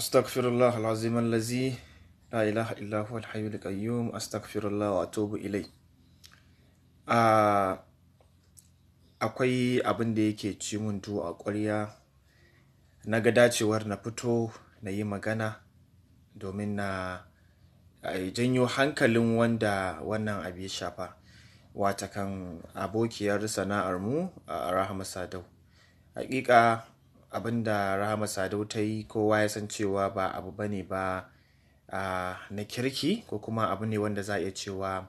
أستغفر الله العظيم الذي لا إله إلا هو الحي القيوم الله akwai abin da yake ci mun a ƙwarya na ga dacewar na fito na yi magana domin na janyo hankalin wanda wannan abu ya shafa watakan abokiyar sana'armu a rahama sadau hakika abin da rahama sadau ta yi kowa ya san cewa ba abu ba ne ba na kirki ko kuma abu ne wanda za a iya cewa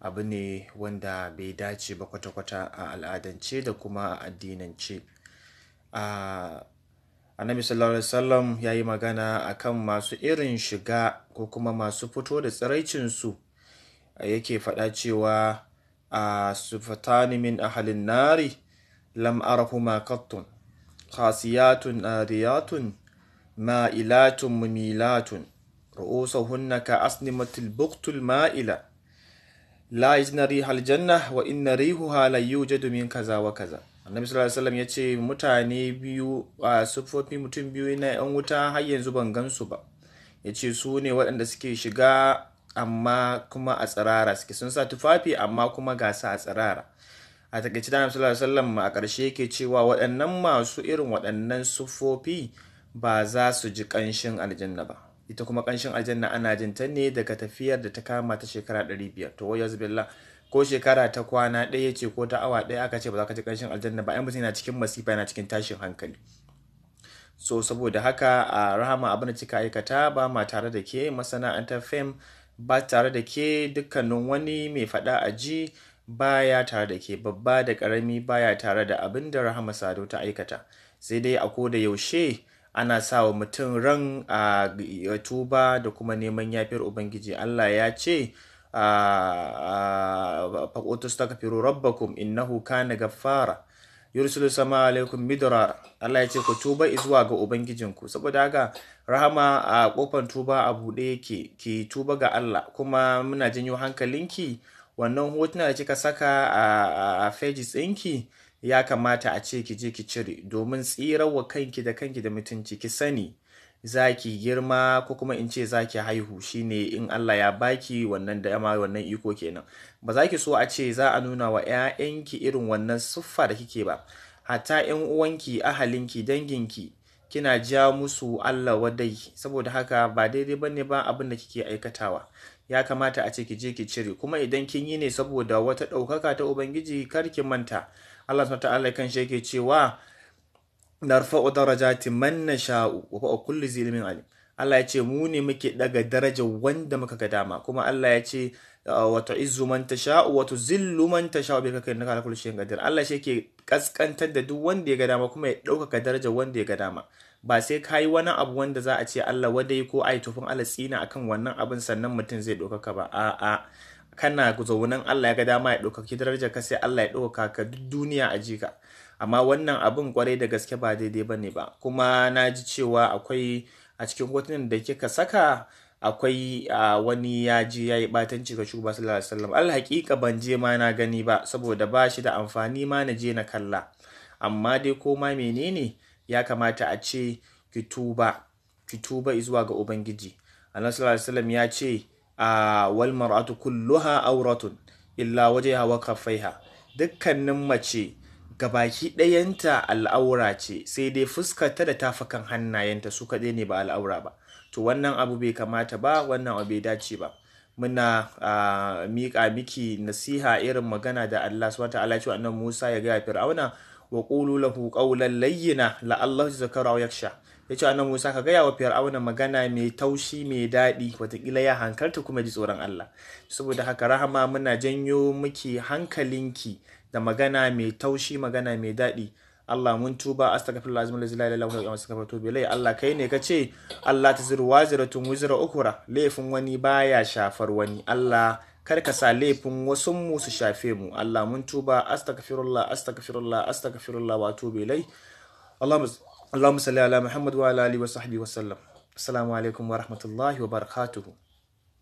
abu ne wanda bai dace ba kwata-kwata a al'adance da kuma a addinance annabi sallallahu alaihi wasallam ya yi magana a kan masu irin shiga ko kuma masu fito da tsiraicinsu yake faɗa cewa a sufatani min ahalin nari lam arahuma qattun khasiyatun ariyatun ma'ilatun mumilatun hunna ka asnimatil buktul ma'ila la yajna rihal janna wa ina rihu la yujadu kaza wa kaza annabi sallallahu alaihi wasallam yace mutane biyu a sufofi mutum biyu na yan wuta har yanzu ban gansu ba Ya ce su ne waɗanda suke shiga amma kuma a tsirara suke sun sa tufafi amma kuma gasa a tsirara a takaice da sallallahu alaihi wasallam a ƙarshe yake cewa waɗannan masu irin waɗannan sufofi ba za su ji ƙanshin aljanna ba ita kuma ƙanshin aljanna ana jin ta ne daga tafiyar da ta kama ta shekara 500 to wayaz billah ko shekara ta kwana ɗaya ce ko ta awa ɗaya aka ce ba za ka ji ƙanshin aljanna ba ai mutum yana cikin masifa yana cikin tashin hankali so saboda haka a rahama abin da kika aikata ba ma tare da ke masana'antar fim ba tare da ke dukkanin wani mai faɗa a ji baya tare da ke babba da ƙarami baya tare da abin da rahama sado ta aikata sai dai a koda yaushe ana sawa mutum ran a tuba da kuma neman yafiyar ubangiji allah ya ce faƙotus ta rabbakum innahu kana gaffara yursilu sama alaikum midrar Allah ya ce ku tuba zuwa ga ubangijinku saboda haka rahama a kofar tuba a buɗe ke tuba ga Allah kuma muna janyo hankalinki wannan hotuna da kika saka a pages ɗinki ya kamata a ce ki je ki cire domin tsirar wa kanki da kanki da mutunci ki sani za ki girma ko kuma in ce za ki haihu shine in Allah ya baki wannan da dama wannan iko kenan ba za ki so a ce za a nuna wa 'ya'yanki irin wannan siffa da kike ba hatta 'yan uwanki ahalinki danginki kina ja musu Allah wadai saboda haka ba daidai bane ba abin da kike aikatawa ya kamata a ce ki je ki cire kuma idan kin yi ne saboda wata ɗaukaka ta ubangiji kar ki manta Allah subhanahu ta'ala kan shi yake cewa narfa'u darajatin man nasha'u wa fa'u kulli zilmin alim Allah ya ce mu ne muke daga daraja wanda muka ga dama kuma Allah ya ce Wato izu man sha wata zillu man tasha'u bi kaka innaka ala kula shi Allah shi ke kaskantar da duk wanda ya ga dama kuma ya ɗaukaka darajar wanda ya ga dama ba sai ka yi wani abu wanda za a ce Allah wadai ko ai tufin Allah tsina akan wannan abin sannan mutum zai ɗaukaka ba a'a kana zaunan Allah ya ga dama ya ɗaukaki darajar ka sai Allah ya ɗaukaka ka duk duniya a jika amma wannan abin kwarai da gaske ba daidai ba ne ba kuma na ji cewa akwai a cikin hotunan da kika saka akwai wani ya je ya yi batanci ga shugaba sallallahu alaihi wasallam al haƙiƙa ban je ma na gani ba saboda ba shi da amfani ma na je na kalla amma dai ko ma menene ya kamata a ce ki tuba ki zuwa ga ubangiji annabi sallallahu alaihi wasallam ya ce wal mar'atu kulluha awratun illa wajha wa kaffaiha dukkanin mace gabaki ɗayanta al'aura ce sai dai fuskarta da tafakan hannayenta su kaɗai ne ba al'aura ba to wannan abu bai kamata ba wannan abu bai dace ba muna miƙa miki nasiha irin magana da Allah su wata cewa wannan Musa ya gaya Fir'auna wa ƙulu lahu ƙaunar layyina la Allah zakara wa yaksha yace wannan Musa ka gaya wa Fir'auna magana mai taushi mai daɗi watakila ya hankalta kuma ji tsoron Allah saboda haka rahama muna janyo miki hankalinki da magana mai taushi magana mai daɗi Allah mun tuba astaghfirullah azim la ilaha illa huwa astaghfiruka wa Allah kai ne kace Allah taziru waziratun wizra ukura laifin wani baya shafar wani Allah kar ka sa laifin wasu mu su shafe mu Allah mun tuba astaghfirullah astaghfirullah astaghfirullah wa atubu ilai Allahumma salli ala Muhammad wa ala alihi wa sahbihi wa sallam assalamu alaikum wa rahmatullahi wa barakatuhu